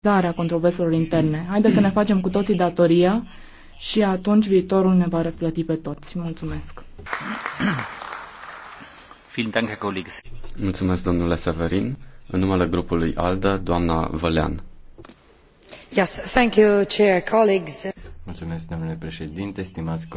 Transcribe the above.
darea controverselor interne. Haideți să ne facem cu toții datoria și atunci viitorul ne va răsplăti pe toți. Mulțumesc! Mulțumesc, domnule Severin. În numele grupului ALDE, doamna Vălean. Yes, thank you, chair, colleagues. Mulțumesc, domnule președinte, stimați colegi.